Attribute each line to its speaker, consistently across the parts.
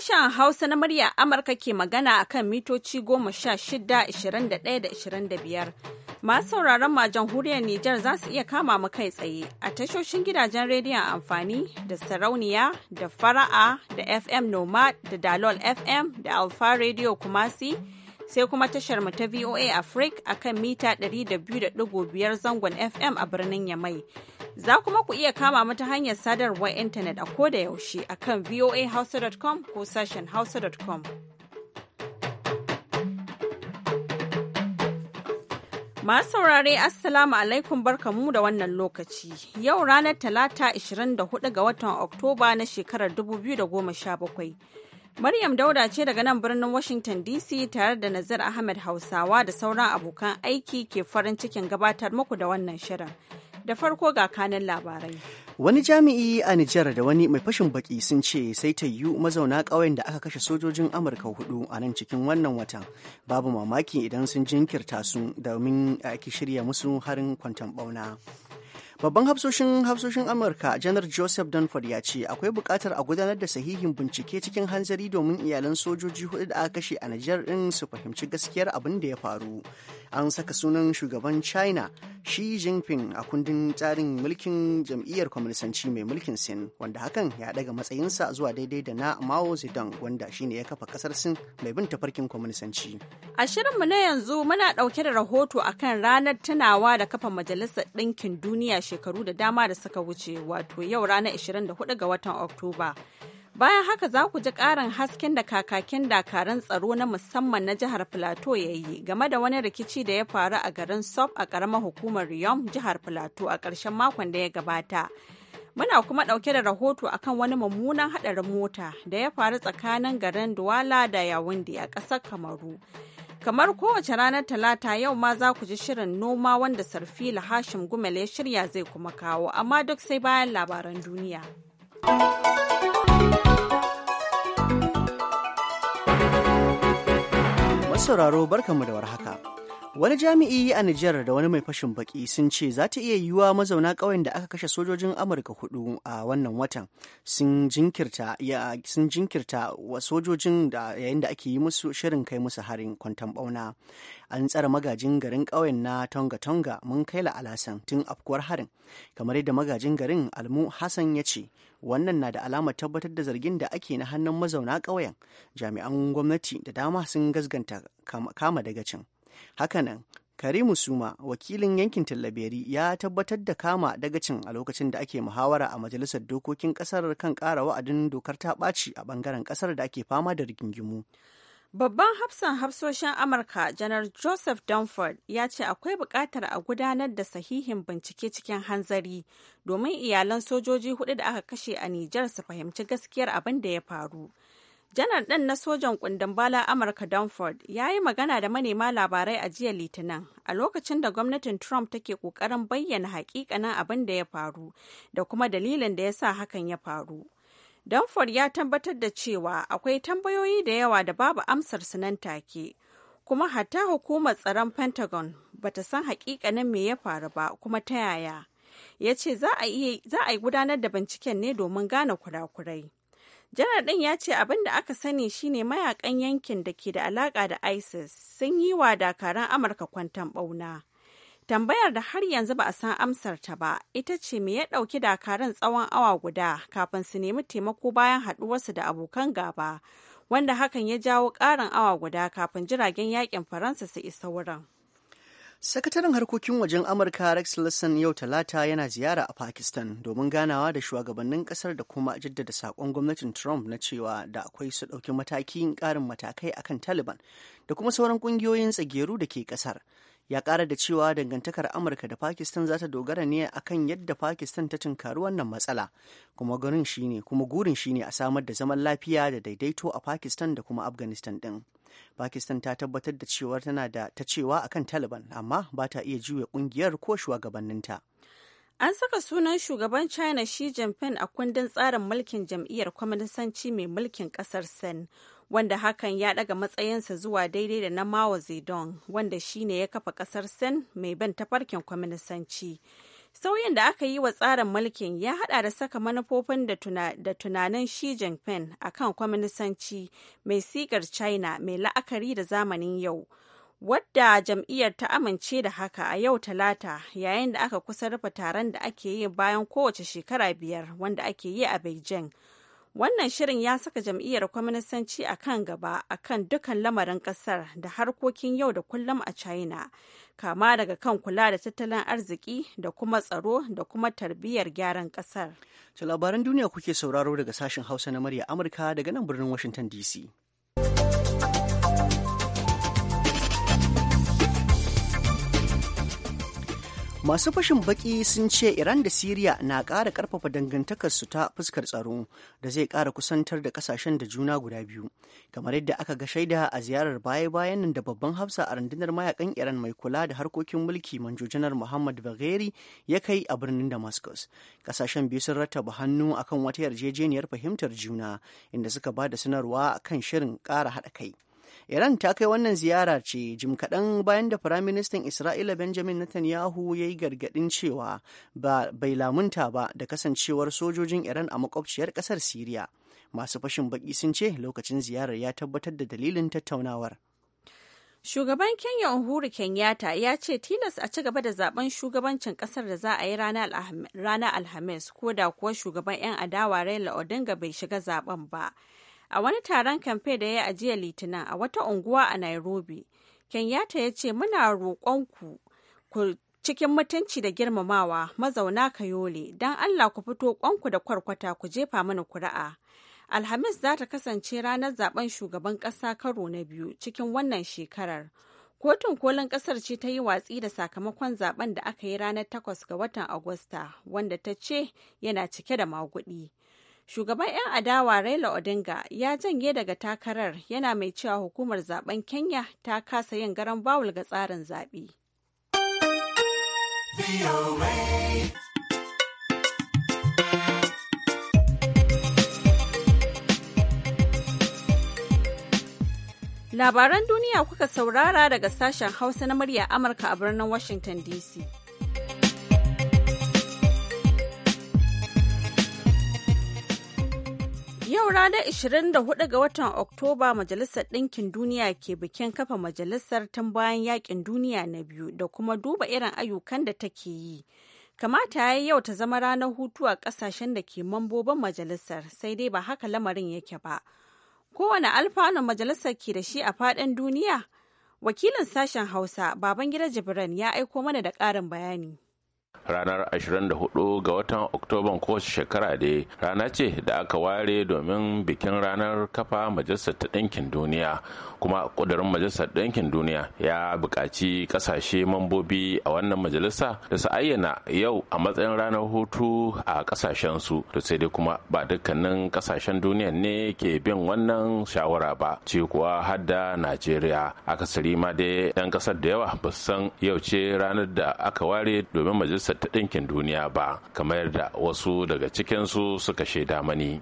Speaker 1: Sashen Hausa na murya Amurka ke magana a kan mitoci goma sha shida, ishirin da ɗaya da ishirin da biyar. Masu sauraron ma jamhuriyar Nijar za su iya kama mu kai tsaye a tashoshin gidajen rediyon amfani da sarauniya da fara'a da FM Nomad da Dalol FM da Alfa Radio Kumasi. sai kuma tashar mu ta VOA Africa a kan mita 200.5 zangon FM a birnin Yamai. Za kuma ku iya kama mu ta hanyar sadarwar intanet a koda yaushe a kan voahausa.com ko sashen hausa.com. Masu saurare Assalamu alaikum barkamu da wannan lokaci. Yau ranar Talata 24 ga watan Oktoba na shekarar 2017. Maryam Dauda ce daga nan birnin Washington DC tare da Nazir Ahmed Hausawa da sauran abokan aiki ke farin cikin gabatar muku da wannan shirin. Da farko ga kanin labarai.
Speaker 2: Wani jami'i a Nijar da wani mai fashin baki sun ce sai ta yiwu mazauna ƙauyen da aka kashe sojojin Amurka hudu a nan cikin wannan watan. Babu mamaki idan sun jinkirta su domin ake shirya musu harin kwanton ɓauna. Babban hafsoshin hafsoshin Amurka janar Joseph Dunford ya ce akwai bukatar a gudanar da sahihin bincike cikin hanzari domin iyalan sojoji hudu da aka kashe a Nijar din su fahimci gaskiyar abin da ya faru. An saka sunan shugaban China Xi Jinping a kundin tsarin mulkin jam'iyyar kwaminisanci mai mulkin Sin wanda hakan ya daga matsayinsa zuwa daidai da na Mao Zedong wanda shine ya kafa kasar Sin mai bin tafarkin kwaminisanci.
Speaker 1: A shirinmu na yanzu muna ɗauke da rahoto akan ranar tunawa da kafa Majalisar Ɗinkin Duniya shekaru da dama da suka wuce wato yau ranar 24 ga watan Oktoba. Bayan haka za ku ji ƙarin hasken da kakakin dakarun tsaro na musamman na jihar Plateau ya yi game da wani rikici da ya faru a garin Sop a ƙaramar hukumar Riyom jihar Plateau a ƙarshen makon da ya gabata. Muna kuma ɗauke da rahoto akan wani mummunan haɗarin mota da ya faru tsakanin garin Duwala da Yawundi a ƙasar Kamaru. Kamar kowace ranar Talata yau ma za ku ji shirin noma wanda sarfi Hashim Gumel ya shirya zai kuma kawo, amma duk sai bayan labaran duniya.
Speaker 2: Masauraro barkanmu da warhaka. Wani jami'i a Nijar da wani mai fashin baki sun ce za ta iya yiwuwa mazauna ƙauyen da aka kashe sojojin Amurka hudu a wannan watan sun jinkirta wa sojojin da yayin da ake yi musu shirin kai musu harin kwantan bauna. An tsare magajin garin ƙauyen na Tonga Tonga mun kai la alasan tun afkuwar harin. Kamar yadda magajin garin Almu Hassan ya ce wannan na da alamar tabbatar da zargin da ake na hannun mazauna ƙauyen. Jami'an gwamnati da dama sun gasganta kama daga cin. hakanan karimu suma wakilin yankin tallaberi ya tabbatar da kama dagacin a lokacin da ake muhawara a majalisar dokokin kasar kan kara wa'adin dokar ta ɓaci a ɓangaren kasar da ake fama da rigingimu Babban
Speaker 1: hafsan hafsoshin Amurka janar Joseph Dunford ya ce akwai buƙatar a gudanar da sahihin bincike cikin hanzari domin iyalan sojoji hudu da aka kashe a Nijar su fahimci gaskiyar abin da ya faru. janar ɗin na sojan kundin bala amurka danford ya yi magana da manema labarai a jiya litinin a lokacin da gwamnatin trump take ƙoƙarin bayyana hakikanin abin da ya faru da kuma dalilin da ya sa hakan ya faru danford ya tabbatar da cewa akwai tambayoyi da yawa da babu amsar su nan take kuma hatta hukumar tsaron pentagon bata san hakikanin me ya faru ba kuma ta yaya ya ce za a yi gudanar da binciken ne domin gane kurakurai janar ɗin ya ce abin da aka sani shine mayakan yankin da ke da alaƙa da isis sun yi wa dakaran amurka kwantan ɓauna tambayar da har yanzu ba a san amsar ta ba ita ce me ya ɗauki dakaran tsawon awa guda kafin su nemi taimako bayan haɗuwarsu da abokan gaba wanda hakan ya jawo ƙarin awa guda kafin jiragen yakin faransa su isa wurin
Speaker 2: Sakataren harkokin wajen Amurka Rex Tillerson yau Talata yana ziyara a Pakistan domin ganawa da shugabannin kasar da kuma jaddada saƙon gwamnatin Trump na cewa da akwai su ɗauki matakin ƙarin matakai akan Taliban da kuma sauran ƙungiyoyin tsageru da ke ƙasar. Ya ƙara da cewa dangantakar Amurka da Pakistan za ta dogara ne akan yadda Pakistan ta tunkari wannan matsala, kuma gurin shine kuma gurin shine a samar da zaman lafiya da daidaito a Pakistan da kuma Afghanistan ɗin. pakistan ta tabbatar da cewa tana da ta cewa akan taliban amma ba ta iya juya kungiyar ko shugabanninta
Speaker 1: an saka sunan shugaban china shi jinping a kundin tsarin mulkin jam'iyyar kwaminisanci mai mulkin kasar sen wanda hakan ya daga matsayinsa zuwa daidai da na mao zedong wanda shine ya kafa kasar sen mai ban tafarkin kwaminisanci. Sauyin da aka yi wa tsarin mulkin ya hada da saka manufofin da tunanin Xi Jinping a kan kwaminisanci mai sigar China mai la'akari da zamanin yau. Wadda jam'iyyar ta amince da haka a yau talata yayin da aka kusa rufe taron da ake yi bayan kowace shekara biyar wanda ake yi a Beijing. Wannan shirin ya saka jam'iyyar kwaminisanci a kan gaba a kan dukan lamarin ƙasar da harkokin yau da kullum a China, kama daga kan kula da tattalin
Speaker 2: arziki da kuma tsaro da kuma tarbiyyar gyaran ƙasar. labaran duniya kuke sauraro daga sashen Hausa na murya Amurka daga nan birnin Washington DC. Masu fashin baki sun ce Iran da Siriya na ƙara ƙarfafa dangantakarsu ta fuskar tsaro da zai ƙara kusantar da ƙasashen da juna guda biyu, kamar yadda aka ga shaida a ziyarar baya-bayan nan da babban hafsa a rundunar mayakan Iran mai kula da harkokin mulki manjojinar Muhammad Bagheri ya kai a birnin Damascus. Ƙasashen biyu sun rattaba hannu akan wata yarjejeniyar fahimtar juna inda suka ba da sanarwa kan shirin ƙara haɗa kai. Iran ta kai wannan ziyara ce jim kaɗan bayan da Firaministan Isra'ila Benjamin Netanyahu ya yi gargaɗin cewa ba bai lamunta ba da kasancewar sojojin Iran a makwabciyar ƙasar Siriya. Masu fashin baƙi sun ce lokacin ziyarar ya tabbatar da dalilin tattaunawar.
Speaker 1: Shugaban Kenya Uhuru Kenyatta ya ce tilas a ci gaba da zaben shugabancin kasar da za a yi ranar Alhamis ko da kuwa shugaban 'yan adawa Raila Odinga bai shiga zaben ba. A wani taron kamfe da ya yi ajiya Litinin a wata unguwa a Nairobi, Kenyatta ya ce muna roƙonku ku cikin mutunci da girmamawa mazauna Kayole don Allah ku fito kwanku da kwarkwata ku jefa mana kuri'a. Alhamis za ta kasance ranar zaben shugaban ƙasa karo na biyu cikin wannan shekarar. Kotun kolin ƙasar ce ta yi watsi da sakamakon zaben da aka yi ranar 8 ga watan Agusta wanda ta ce yana cike da maguɗi. Shugaban 'yan adawa Raila Odinga ya janye daga takarar yana mai cewa hukumar zaben Kenya ta kasa yin garan bawul ga tsarin zaɓe. Labaran duniya kuka saurara daga sashen Hausa na murya Amurka a birnin Washington DC. ranar 24 ga watan Oktoba Majalisar Ɗinkin Duniya ke bikin kafa majalisar tun bayan yakin duniya na biyu da kuma duba irin ayyukan da take yi. Kamata ya yi yau ta zama ranar hutu a ƙasashen da ke mambobin majalisar sai dai ba haka lamarin yake ba. Kowane alfanun majalisar ke da shi a faɗin duniya? Wakilin sashen Hausa, Babangida Jibran ya aiko mana da ƙarin bayani.
Speaker 3: ranar 24 ga watan oktoban kowace shekara da rana ce da aka ware domin bikin ranar kafa majalisar ta ɗinkin duniya kuma ƙudurin majalisar ɗinkin duniya ya buƙaci ƙasashe mambobi a wannan majalisa da su ayyana yau a matsayin ranar hutu a ƙasashensu da sai dai kuma ba dukkanin ƙasashen duniya ne ke bin wannan shawara ba ce kuwa har da najeriya akasari ma dai 'yan ƙasar da yawa ba san yau ce ranar da aka ware domin majalisar majalisar ta ɗinkin duniya ba kamar da wasu daga cikinsu suka shaida mani.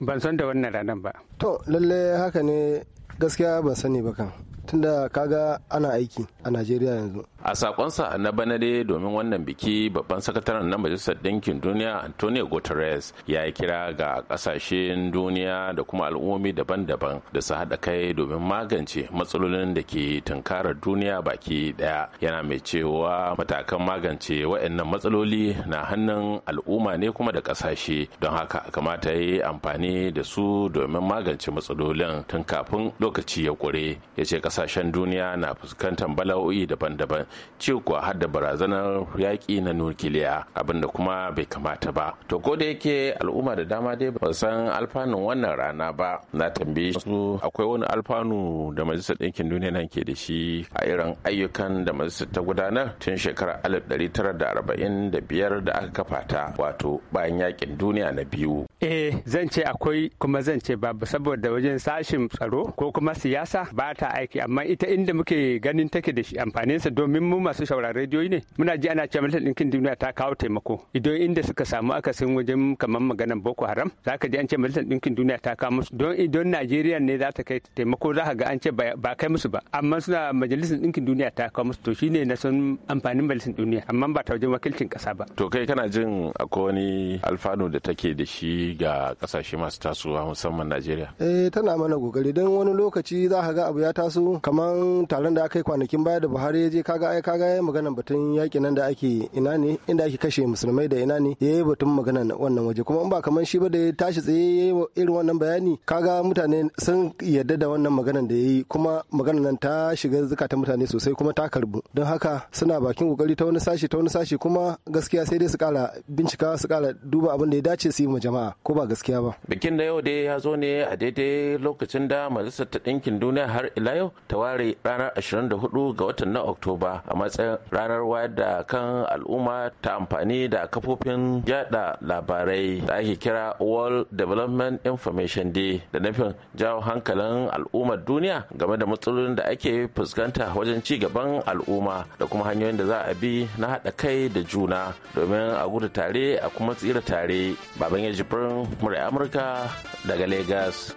Speaker 4: ban san da wannan ranar ba. to lalle haka ne gaskiya ban sani ba kan tunda kaga ana aiki a najeriya yanzu
Speaker 3: a sakonsa na bana dai domin wannan biki babban sakataren na majalisar dinkin duniya antonio guterres ya yi kira ga ƙasashen duniya da kuma al'ummomi daban-daban da su haɗa kai domin magance matsalolin da ke tunkarar duniya baki ɗaya yana mai cewa matakan magance wa'annan matsaloli na hannun al'umma ne kuma da ƙasashe don haka kamata ya yi amfani da su domin magance matsalolin tun kafin lokaci ya ƙure ya ce kasashen duniya na fuskantar bala'o'i daban-daban ci kuwa har da barazanar yaƙi na nukiliya abinda kuma bai kamata ba to ko da yake al'umma da dama dai ba san alfanun wannan rana ba na tambaye su akwai wani alfanu da majalisar ɗinkin duniya nan ke da shi a irin ayyukan da majalisar ta gudanar tun shekarar 1945 da aka kafa ta wato bayan yaƙin duniya na biyu eh zan ce akwai kuma zan ce babu saboda wajen sashin tsaro ko kuma siyasa ba ta aiki a amma ita inda muke ganin take da shi amfanin sa domin mu masu shawara radio ne muna ji ana cewa majalisar ɗinkin duniya ta kawo taimako idan inda suka samu akasin wajen kamar maganar boko haram za ka ji an ce majalisar ɗinkin duniya ta kawo musu don idan najeriya ne za ta kai taimako za ka ga an ce ba kai musu ba amma suna majalisar ɗinkin duniya ta kawo musu to shine na son amfanin majalisar duniya amma ba ta wajen wakilcin ƙasa ba. to kai kana jin akwai wani alfanu da take da shi ga ƙasashe masu tasowa musamman najeriya.
Speaker 4: eh tana mana kokari don wani lokaci za ka ga abu ya taso kamar kaman taron da aka yi kwanakin baya da Buhari ya je kaga ai kaga ya magana batun yaƙi nan da ake ina ne inda ake kashe musulmai da ina ne yayi batun magana wannan waje kuma in ba kaman shi ba da ya tashi tsaye yayi irin wannan bayani kaga mutane sun yarda da wannan maganan da yayi kuma maganan nan ta shiga zukata mutane sosai kuma ta karbu don haka suna bakin kokari ta wani sashi ta wani sashi kuma gaskiya sai dai su kara bincika su kara duba abin da ya dace su yi ma jama'a ko ba gaskiya ba
Speaker 3: bikin da yau dai ya zo ne a daidai lokacin da majalisar ta ɗinkin duniya har ila yau ta ware ranar 24 ga watan na oktoba a matsayin ranar wayar da kan al'umma ta amfani da kafofin yada labarai da ake kira world development information day da nufin jawo hankalin al'ummar duniya game da matsalolin da ake fuskanta wajen ci gaban al'umma da kuma hanyoyin da za a bi na haɗa kai da juna domin a gudu tare a kuma tsira tare baban ya jibrin murai amurka daga lagos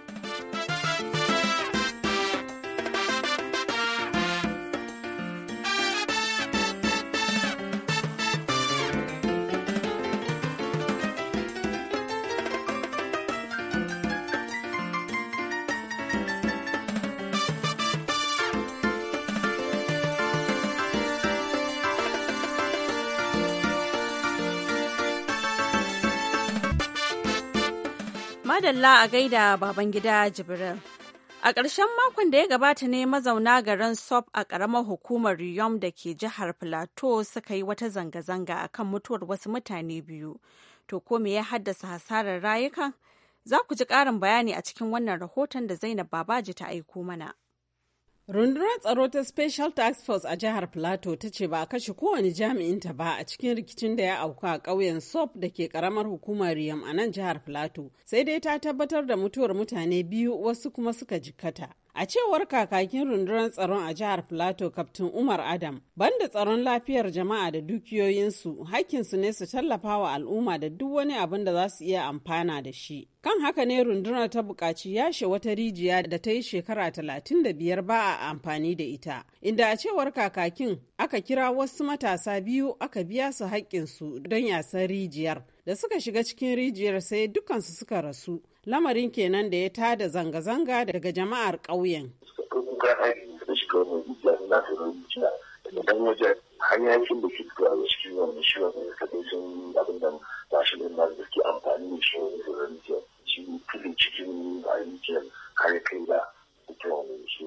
Speaker 1: madalla a gaida baban gida Jibril. A ƙarshen makon da ya gabata ne mazauna garin Sop a ƙaramar hukumar Riyom da ke jihar Plateau suka yi wata zanga-zanga a kan mutuwar wasu mutane biyu. To ko me ya haddasa hasarar rayuka? Za ku ji ƙarin bayani a cikin wannan rahoton da Zainab Babaji ta aiko mana. Rundunar tsaro ta Special Task Force a jihar Plateau ta ce ba a kashe kowane jami'inta ba a
Speaker 5: cikin rikicin da ya auku a ƙauyen Sop da ke karamar hukumar Riyam a nan jihar Plateau. Sai dai ta tabbatar da mutuwar mutane biyu wasu kuma suka jikkata. A cewar kakakin rundunar tsaron a jihar Plateau Kaftin Umar Adam, banda tsaron lafiyar jama'a da dukiyoyinsu, hakkinsu ne su tallafa wa al'umma da duk wani abin da za su iya amfana da shi. Kan haka ne rundunar ta buƙaci yashe wata rijiya da ta yi shekara talatin da biyar ba a amfani da ita. Inda a cewar kakakin aka kira wasu matasa biyu aka biya su haƙƙinsu don yasan rijiyar. Da suka shiga cikin rijiyar sai dukansu suka rasu. lamarin kenan da ya tada zanga-zanga daga jama'ar ƙauyen. wajen da ke shi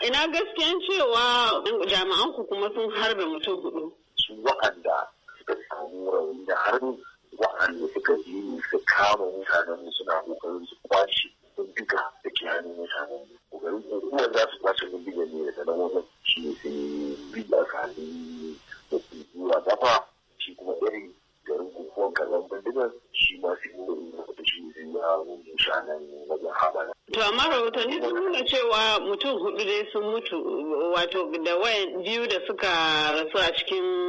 Speaker 5: Ina gaskiyan cewa jami'an ku kuma sun harbe mutum hudu. Su waɗanda
Speaker 6: suka samu rauni da harbi wa'anda suka yi su kama mutanen mu suna kokarin su kwashe bindiga da ke hannun mutanen mu kokarin hukumar za su kwashe bindiga ne da nan wajen shi ne sai bindiga ka ne da kuma dafa shi kuma irin garin kukuwan kallon bindigar shi ma su yi da shi ne sai ya rubu shi wajen haɓara.
Speaker 5: To amma rahotanni sun nuna cewa mutum hudu dai sun mutu wato da wayan biyu da suka rasu a cikin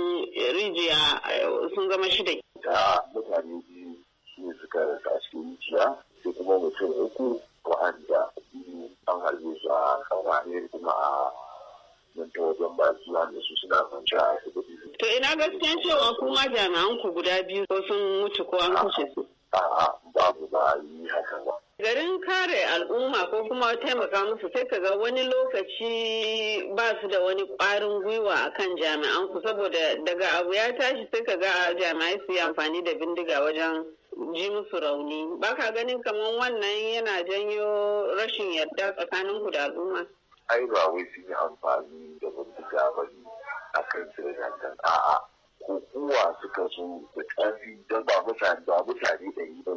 Speaker 5: an kashe su. ba yi ba. garin kare al'umma ko kuma taimaka musu sai ka ga wani lokaci ba su da wani ƙwarin gwiwa kan jami'an ku saboda daga abu ya tashi sai ka ga jami'ai su yi amfani da bindiga wajen ji musu rauni ba ka ganin kamar wannan yana janyo rashin yarda tsakanin ku da al'umma ai ba
Speaker 6: wai su yi amfani da bindiga ba ne a kan su a'a kokowa suka zo da ƙarfi don ba mutane ba mutane da yi ba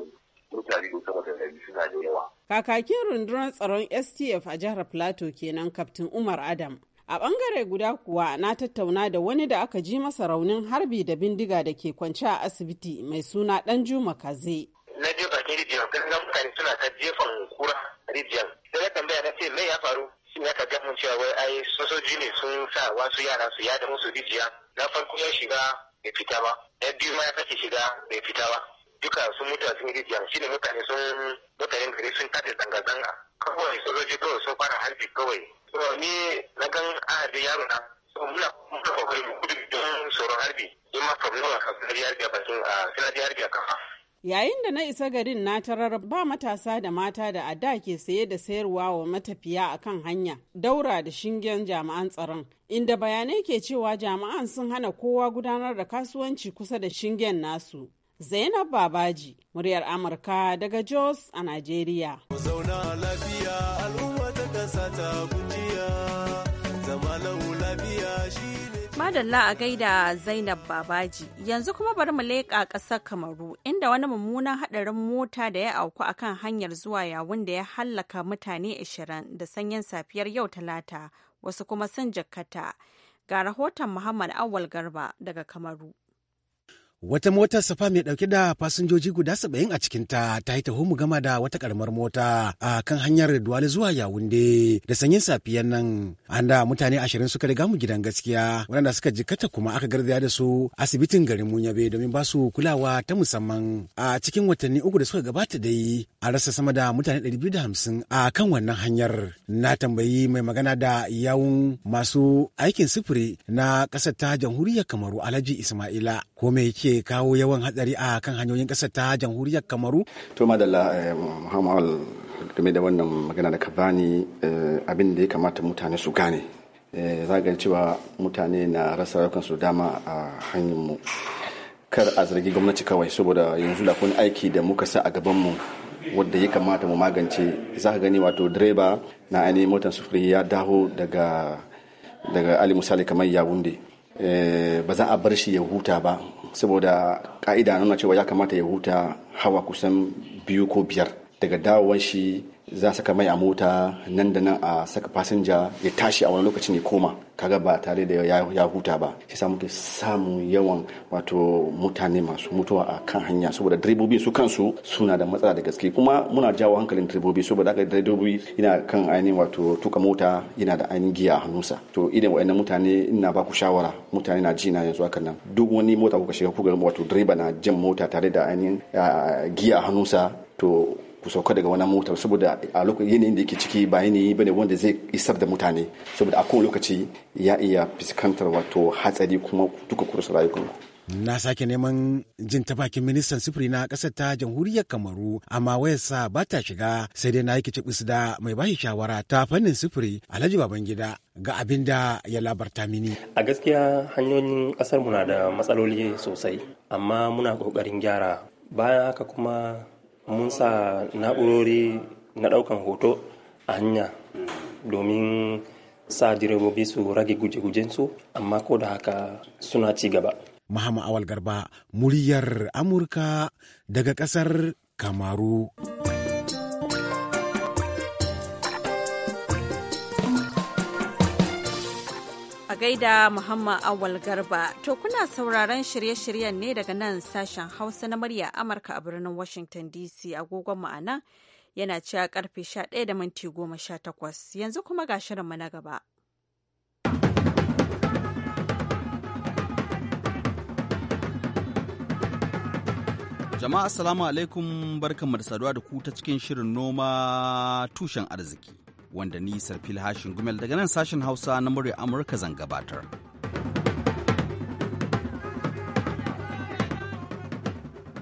Speaker 6: mutane da sama da ɗari suna da yawa.
Speaker 5: Kakakin rundunar tsaron STF a jihar Plateau kenan Kaftin Umar Adam. A bangare guda kuwa na tattauna da wani da aka ji masa raunin harbi da bindiga da ke kwance a asibiti mai suna juma Kaze. Na je
Speaker 6: bakin rijiyar, ganin mutane suna ta jefan kura rijiyar. Sai na tambaya na ce mai ya faru? ya ka mun cewa
Speaker 4: wai ai sojoji ne sun sa wasu yara su yada musu rijiya na farko ya shiga bai fita ba na biyu ma ya sake shiga bai fita ba duka sun mutu a cikin rijiya shi ne mutane
Speaker 6: sun mutane gari sun kada zanga-zanga kawai sojoji kawai sun fara harbi kawai to ni na gan ahadi yaro na so muna muna kokari mu gudu don tsoron harbi in ma problem a kan sinadi harbi a bakin a sinadi harbi a
Speaker 5: kafa Yayin da na isa garin na tarar ba matasa da mata da a ke saye da sayarwa wa matafiya a kan hanya daura da shingen jama'an tsaron. Inda bayanai ke cewa jama'an sun hana kowa gudanar da kasuwanci kusa da shingen nasu. Zainab Babaji, muryar Amurka daga Jos
Speaker 1: a Najeriya. Madalla a gaida Zainab Babaji yanzu kuma bari mu leƙa ƙasar Kamaru inda wani mummunan haɗarin mota da ya auku a kan hanyar zuwa yawun da ya hallaka mutane 20 da sanyin safiyar yau talata wasu kuma sun jikkata. Ga rahoton Muhammad Awal Garba daga Kamaru.
Speaker 7: wata motar safa mai dauke da fasinjoji guda saba'in a cikinta ta yi taho mu gama da wata karamar mota a kan hanyar duwale zuwa yawunde da sanyin safiyar nan an da mutane ashirin suka riga mu gidan gaskiya waɗanda suka jikata kuma aka garzaya da su asibitin garin mu munyabe domin ba su kulawa ta musamman a cikin watanni uku da suka gabata dai a rasa sama da mutane ɗari biyu da hamsin a kan wannan hanyar na tambayi mai magana da yawun masu aikin sufuri na ƙasar ta jamhuriyar kamaru alhaji ismaila ko me yake kawo yawan hatsari a kan hanyoyin ƙasar ta jamhuriyar kamaru
Speaker 4: to madalla eh, muhammad game da wannan magana da ka bani eh, abin da ya kamata mutane su gane eh, zagar cewa mutane na rasa su dama a hanyar mu kar a zargi gwamnati kawai saboda yanzu da kun aiki da muka sa a gaban mu wadda ya kamata mu magance za ka gani wato direba na ainihin motar sufuri ya daho daga daga ali misali kamar yawunde. ba za a bar shi ya huta ba saboda ka'ida nuna cewa ya kamata ya huta hawa kusan biyu ko biyar daga dawowar shi za saka mai a mota nan da nan a saka fasinja ya tashi a wani lokaci ne koma kaga ba tare da ya huta ba shi samu muke samun yawan wato mutane masu mutuwa a kan hanya saboda direbobi su kansu suna da matsala da gaske kuma muna jawo hankalin direbobi saboda aka direbobi yana kan ainihin wato tuka mota yana da ainihin giya a hannunsa to idan wa'annan mutane ina ba ku shawara mutane na ji na yanzu hakan nan duk wani mota kuka shiga kuka wato direba na jan mota tare da ainihin giya a hannunsa to ku sauka daga wannan motar saboda a lokacin yanayin da yake ciki ba yanayi bane wanda zai isar da mutane saboda a kowane lokaci ya iya fuskantar wato hatsari kuma duka kursa rayukanku
Speaker 7: na sake neman jin ta bakin ministan sufuri na kasar ta jamhuriyar kamaru amma wayarsa ba ta shiga sai dai na yi kicibis da mai bashi shawara ta fannin sufuri alhaji babangida ga abin da ya labarta mini
Speaker 8: a gaskiya hanyoyin ƙasar mu na da matsaloli sosai amma muna ƙoƙarin gyara bayan haka kuma mun sa na'urori na ɗaukan hoto a hanya domin sa direbobi su rage guje gujen su amma ko da haka suna ci gaba. Mahama
Speaker 7: Awal Garba, muryar Amurka daga kasar Kamaru.
Speaker 1: a gaida Muhammad Awal Garba. To kuna sauraron shirye-shiryen ne daga nan sashen Hausa na murya Amurka a birnin Washington DC agogon ma'ana yana ci a karfe 11 da minti 18 yanzu kuma ga shirinmu na gaba.
Speaker 8: Jama'a assalamu alaikum barkanmu da saduwa da ku ta cikin shirin noma tushen arziki. wanda ni sarfil hashin gumel daga nan sashen hausa na murya amurka zan gabatar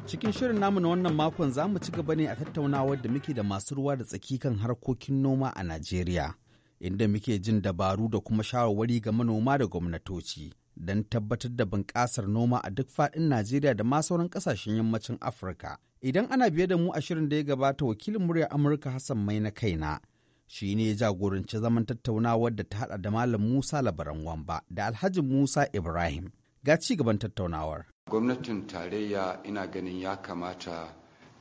Speaker 8: cikin shirin namu na wannan makon za mu ci gaba ne a tattaunawar da muke da masu ruwa da tsaki kan harkokin noma a najeriya inda muke jin dabaru da kuma shawarwari ga manoma da gwamnatoci don tabbatar da bunƙasar noma a duk faɗin najeriya da ma sauran ƙasashen yammacin afirka idan ana biye da mu a shirin da ya gabata wakilin murya amurka hassan mai na kaina shi ne ya jagoranci zaman tattaunawar da ta hada da Malam Musa Labaran Wamba da Alhaji Musa Ibrahim ga ci gaban tattaunawar.
Speaker 6: Gwamnatin tarayya ina ganin ya kamata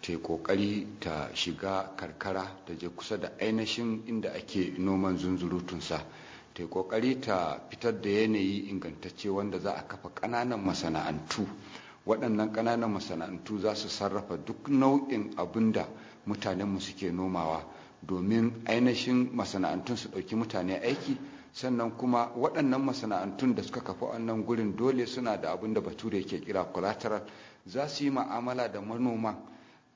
Speaker 6: ta kokari ta shiga karkara ta je kusa da ainihin inda ake noman zunzurutunsa ta kokari ta fitar da yanayi ingantacce wanda za a kafa ƙananan masana'antu waɗannan ƙananan masana'antu za su sarrafa duk nau'in abin da mutanenmu suke nomawa domin ainihin masana'antun su ɗauki mutane aiki sannan kuma waɗannan masana'antun da suka kafa wannan gurin dole suna da abin da bature yake kira collateral za su yi ma'amala da manoman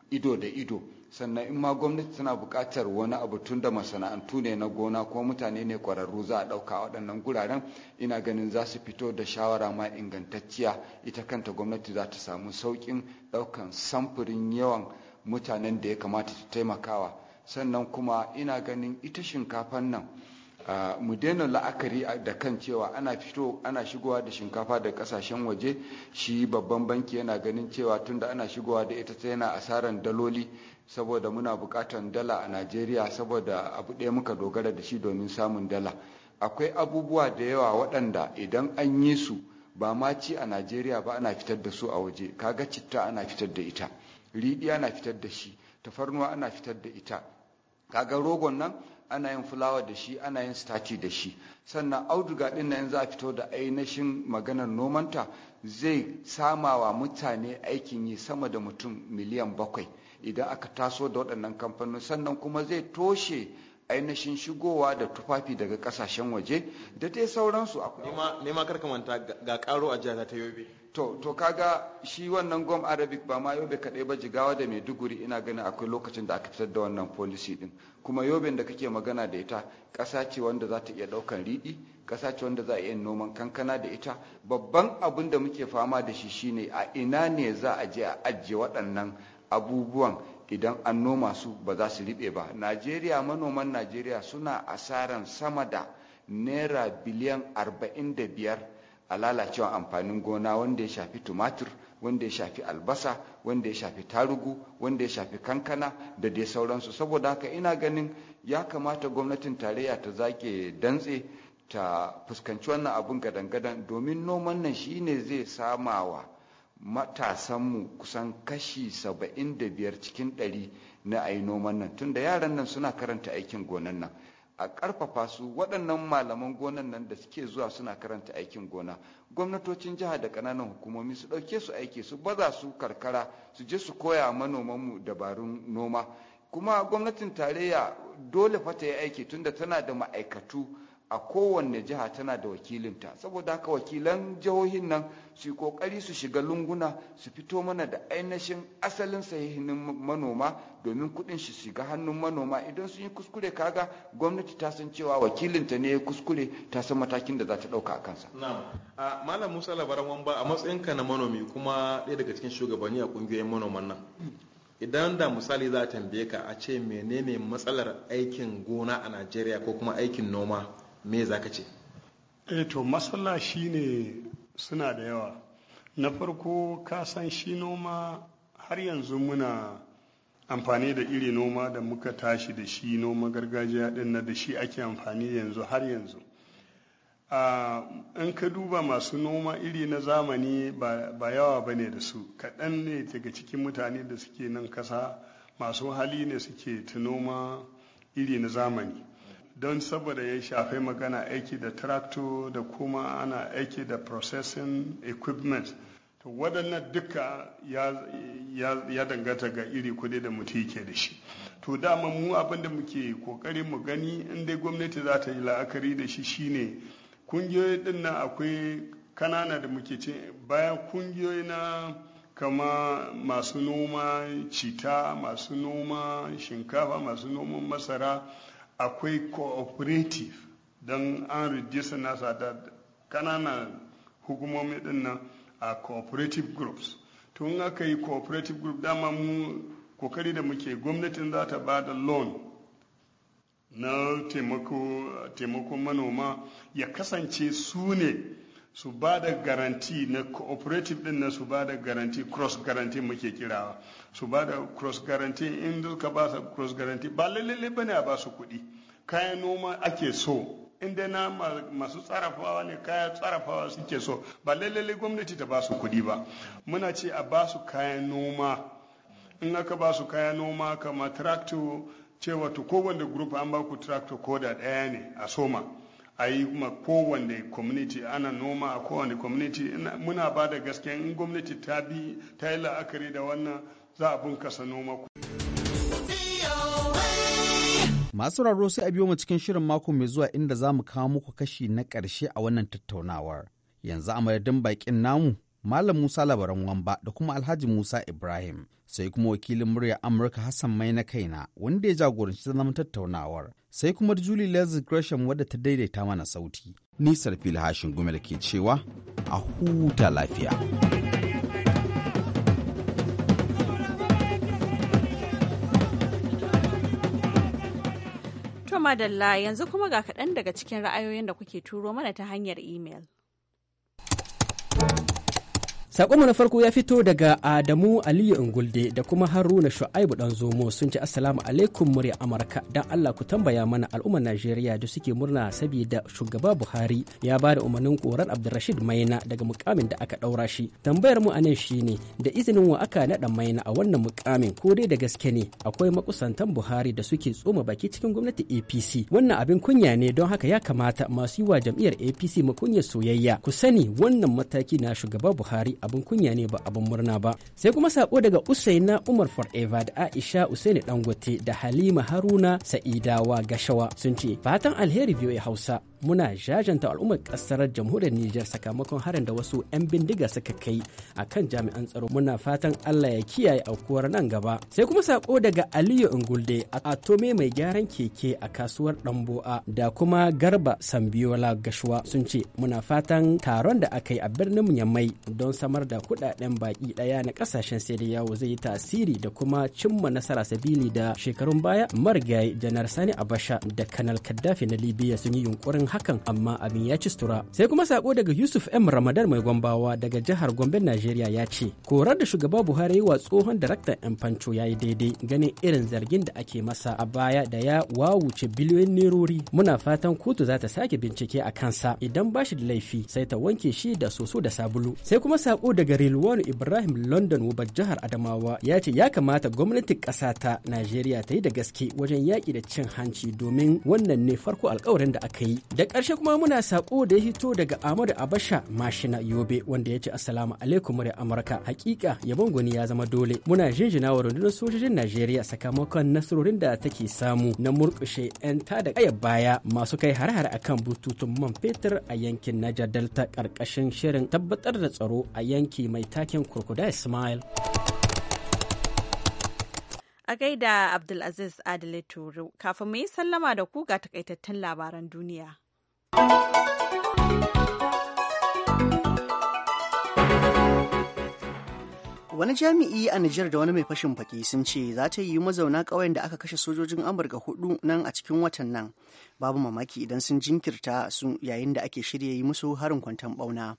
Speaker 6: ido da ido sannan in ma gwamnati tana buƙatar wani abu tun da masana'antu ne na gona ko mutane ne ƙwararru za a ɗauka waɗannan guraren ina ganin za su fito da shawara ma ingantacciya ita kanta gwamnati za ta samu sauƙin ɗaukan samfurin yawan mutanen da ya kamata ta taimakawa sannan kuma ina ganin ita shinkafan nan mu daina la'akari da kan cewa ana fito ana shigowa da shinkafa da kasashen waje shi babban banki yana ganin cewa tunda ana shigowa da ita ta yana asaran daloli saboda muna bukatan dala a najeriya saboda abu ɗaya muka dogara da shi domin samun dala akwai abubuwa da yawa waɗanda idan an yi su ba ma ci a najeriya ba ana fitar da su a waje kaga citta ana fitar da ita riɗi ana fitar da shi tafarnuwa ana fitar da ita kaga rogon nan ana yin fulawa da shi ana yin stati da shi sannan auduga din nan za a fito da ainihin maganar nomanta zai samawa mutane aikin yi sama da mutum miliyan bakwai idan aka taso da waɗannan kamfanin sannan kuma zai toshe ainihin shigowa da tufafi daga kasashen waje da dai sauransu akwai nema karka manta ga karo a jihar ta yobe to to kaga shi wannan gom arabic ba ma yobe kaɗai ba jigawa da maiduguri ina ganin akwai lokacin da aka fitar da wannan policy din kuma yoben da kake magana da ita ƙasa ce wanda za ta iya ɗaukan riɗi ƙasa ce wanda za a iya noman kankana da ita babban abin da muke fama da shi shine a ina ne za a je a ajiye waɗannan abubuwan idan an noma su ba za su riɓe ba najeriya manoman najeriya suna asaran sama da naira biliyan arba'in da biyar a lalacewa amfanin gona wanda ya shafi tumatir wanda ya shafi albasa wanda ya shafi tarugu wanda ya shafi kankana da dai sauransu saboda haka ina ganin ya kamata gwamnatin tarayya ta zake dantse ta fuskanci wannan abun gadan-gadan domin noman nan shi ne zai samawa matasanmu kusan kashi 75 cikin 100 na ayi noman nan tunda yaran nan suna karanta aikin gonan nan a ƙarfafa su waɗannan malaman gonan nan da suke zuwa suna karanta aikin gona gwamnatocin jiha da ƙananan hukumomi su ɗauke su aiki su baza su karkara su je su koya manomanmu dabarun noma kuma gwamnatin tarayya dole fa ta yi aiki tunda tana da ma'aikatu a kowanne jiha tana da wakilinta saboda haka wakilan jihohin nan su yi kokari su shiga lunguna su fito mana da ainihin asalin sahihin manoma domin kudin shi shiga hannun manoma idan sun yi kuskure kaga gwamnati ta san cewa wakilinta ne ya kuskure ta san matakin da za ta dauka a kansa a malam musa labaran wamba a matsayin ka na manomi
Speaker 3: kuma daya daga cikin shugabanni a kungiyoyin manoman nan idan da misali za a tambaye ka a ce menene matsalar aikin gona a najeriya ko kuma aikin noma me za ka
Speaker 9: ce Eto, eh, to shi ne suna da yawa na farko ka san shi noma har yanzu muna amfani da iri noma da muka tashi da shi noma gargajiya din na da shi ake amfani yanzu har yanzu ah, in ka duba masu noma iri na zamani ba yawa ba ne da su kaɗan ne daga cikin mutane da suke nan kasa masu hali ne suke ta noma iri na zamani don saboda ya shafi magana aiki da tractor da kuma ana aiki da processing equipment to waɗannan duka ya danganta ga iri kuɗi da mutum yake da shi to dama mu abin da muke kokari mu gani in dai gwamnati za ta yi la'akari da shi shine kungiyoyi din nan akwai kanana da muke ce bayan kungiyoyi na kama masu noma cita masu noma shinkafa masu noman masara akwai cooperative don an reduce nasa da kananan hukumomi din nan a cooperative groups tun aka yi cooperative group dama mu kokari da muke gwamnatin za ta ba da loan na taimako manoma ya kasance su ne su ba da garanti na cooperative din na su ba da garanti cross garanti muke kirawa su ba da cross garanti in duka ba su cross garanti ba lalle ba ne a ba su kuɗi kayan noma ake so inda na masu tsarafawa ne kayan tsarafawa suke so ba lalle gwamnati ta ba su kuɗi ba muna ce a ba su kayan noma in aka ba su kayan noma kama tractor cewa to kowanne group an ba ku tractor da ɗaya ne a soma a yi kuma kowane community ana noma a kowane community muna ba da gaskiya in gwamnati ta bi ta yi la'akari da wannan za a bunkasa noma
Speaker 8: masu raro sai a biyo mu cikin shirin mako mai zuwa inda za mu kawo muku kashi na ƙarshe a wannan tattaunawar yanzu a madadin bakin namu Malam Musa Labaran Wamba da kuma Alhaji Musa Ibrahim, sai kuma wakilin murya Amurka Hassan Mai na kaina wanda ya jagoranci zaman tattaunawar, sai kuma Julie Leslie Gresham wadda ta daidaita mana sauti. Nisar fili hashin da ke cewa a huta lafiya.
Speaker 1: To madalla yanzu kuma ga kaɗan daga cikin ra'ayoyin da kuke turo mana ta hanyar imel.
Speaker 10: Sakonmu na farko ya fito daga Adamu Aliyu Ingulde da kuma Haruna Shu'aibu dan zomo sun ci Assalamu alaikum murya Amurka dan Allah ku tambaya mana al'ummar Najeriya da suke murna saboda shugaba Buhari ya bada umarnin korar Abdulrashid Maina daga mukamin da aka ɗaura shi. Tambayar mu anan shine da izinin wa aka naɗa Maina a wannan mukamin ko dai da gaske ne akwai makusantan Buhari da suke tsoma baki cikin gwamnati APC. Wannan abin kunya ne don haka ya kamata masu yi wa jam'iyyar APC makunyar soyayya ku sani wannan mataki na shugaba Buhari abin kunya ne ba abin murna ba sai kuma sako daga usaina umar forever da aisha usaini dangote da halima haruna sa'idawa gashawa sun ce fatan alheri biyu hausa muna jajanta al'ummar ƙasar jamhuriyar Nijar sakamakon harin da wasu 'yan bindiga suka kai a kan jami'an tsaro muna fatan Allah ya kiyaye aukuwar nan gaba. Sai kuma sako daga Aliyu Ingulde a atome mai gyaran keke a kasuwar Ɗanbo'a da kuma Garba Sambiola Gashuwa sun ce muna fatan taron da aka yi a birnin Yamai don samar da kuɗaɗen baki ɗaya na ƙasashen sai da yawo zai yi tasiri da kuma cimma nasara sabili da shekarun baya marigayi janar Sani Abasha da Kanal Kaddafi na Libya sun yi yunkurin hakan amma abin ya ci sutura sai kuma sako daga yusuf m ramadan mai gwambawa daga jihar gombe najeriya ya ce korar da shugaba buhari wa tsohon daraktan yan fanco ya yi daidai ganin irin zargin da ake masa a baya da ya wawuce biliyoyin nerori muna fatan kotu za ta sake bincike a kansa idan ba shi da laifi sai ta wanke shi da soso da sabulu sai kuma sako daga rilwan ibrahim london wubar jihar adamawa ya ce ya kamata gwamnatin ƙasa ta najeriya ta yi da gaske wajen yaƙi da cin hanci domin wannan ne farko alƙawarin da aka yi da ƙarshe kuma muna saƙo da ya hito daga Ahmadu Abasha Mashina Yobe wanda ya ce Assalamu alaikum murya Amurka. Hakika yabon gwani ya zama dole. Muna jinjina wa rundunar sojojin Najeriya sakamakon nasarorin da take samu na murƙushe 'yan tada ƙayar baya masu kai har hare akan bututun man fetur a yankin Niger Delta ƙarƙashin shirin tabbatar da tsaro a yanki mai taken Kurkuda Ismail.
Speaker 1: A gaida Abdulaziz Adile Turu, kafin mu yi sallama da ku ga takaitattun labaran duniya.
Speaker 2: wani jami'i a Nijar da wani mai fashin faki sun ce za ta yi mazauna ƙauyen da aka kashe sojojin Amurka hudu nan a cikin watan nan babu mamaki idan sun jinkirta su yayin da ake shirya yi musu harin kwanton bauna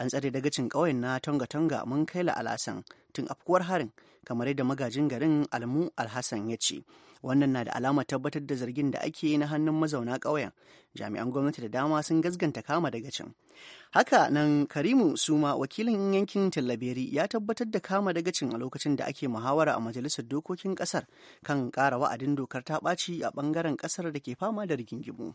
Speaker 2: an tsare dagacin ƙauyen na Tonga Tonga mun kai la alasan tun afkuwar harin kamar yadda magajin garin Almu Alhassan ya ce wannan na da alama tabbatar da zargin da ake yi na hannun mazauna ƙauyen jami'an gwamnati da dama sun gasganta kama daga can haka nan karimu suma wakilin yankin tallaberi ya tabbatar da kama daga cin a lokacin da ake muhawara a majalisar dokokin Ƙasar kan ƙara wa'adin dokar ta ɓaci a ɓangaren ƙasar da ke fama da rigingimu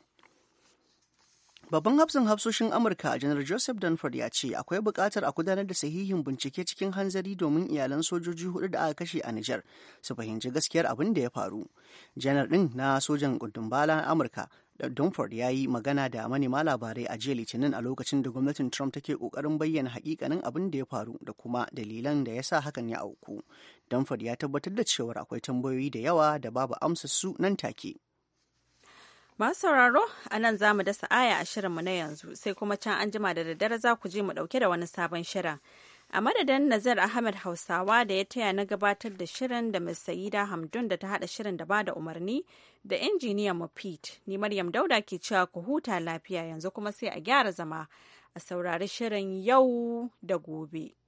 Speaker 2: Babban hafsan hafsoshin Amurka Janar Joseph Dunford ya ce akwai buƙatar a gudanar da sahihin bincike cikin hanzari domin iyalan sojoji hudu da aka kashe a Nijar su fahimci gaskiyar abin da ya faru. Janar ɗin na sojan na Amurka Dunford ya yi magana da manema labarai a jiya Litinin a lokacin da gwamnatin Trump take ƙoƙarin bayyana haƙiƙanin abin da ya faru da kuma dalilan da ya sa hakan ya auku. Dunford ya tabbatar da cewar akwai tambayoyi da yawa da babu amsa su nan take.
Speaker 1: Masu sauraro a nan za mu dasa aya a shirinmu na yanzu sai kuma can an jima da daddare za ku je mu ɗauke da wani sabon shirin. A madadin Nazar Ahmed Hausawa da ya taya na gabatar da shirin da Ms. Sayida Hamdun da ta haɗa shirin da ba da umarni da injiniya Mafit ni Maryam Dauda ke cewa ku huta lafiya yanzu kuma sai a gyara zama a saurari shirin yau da gobe.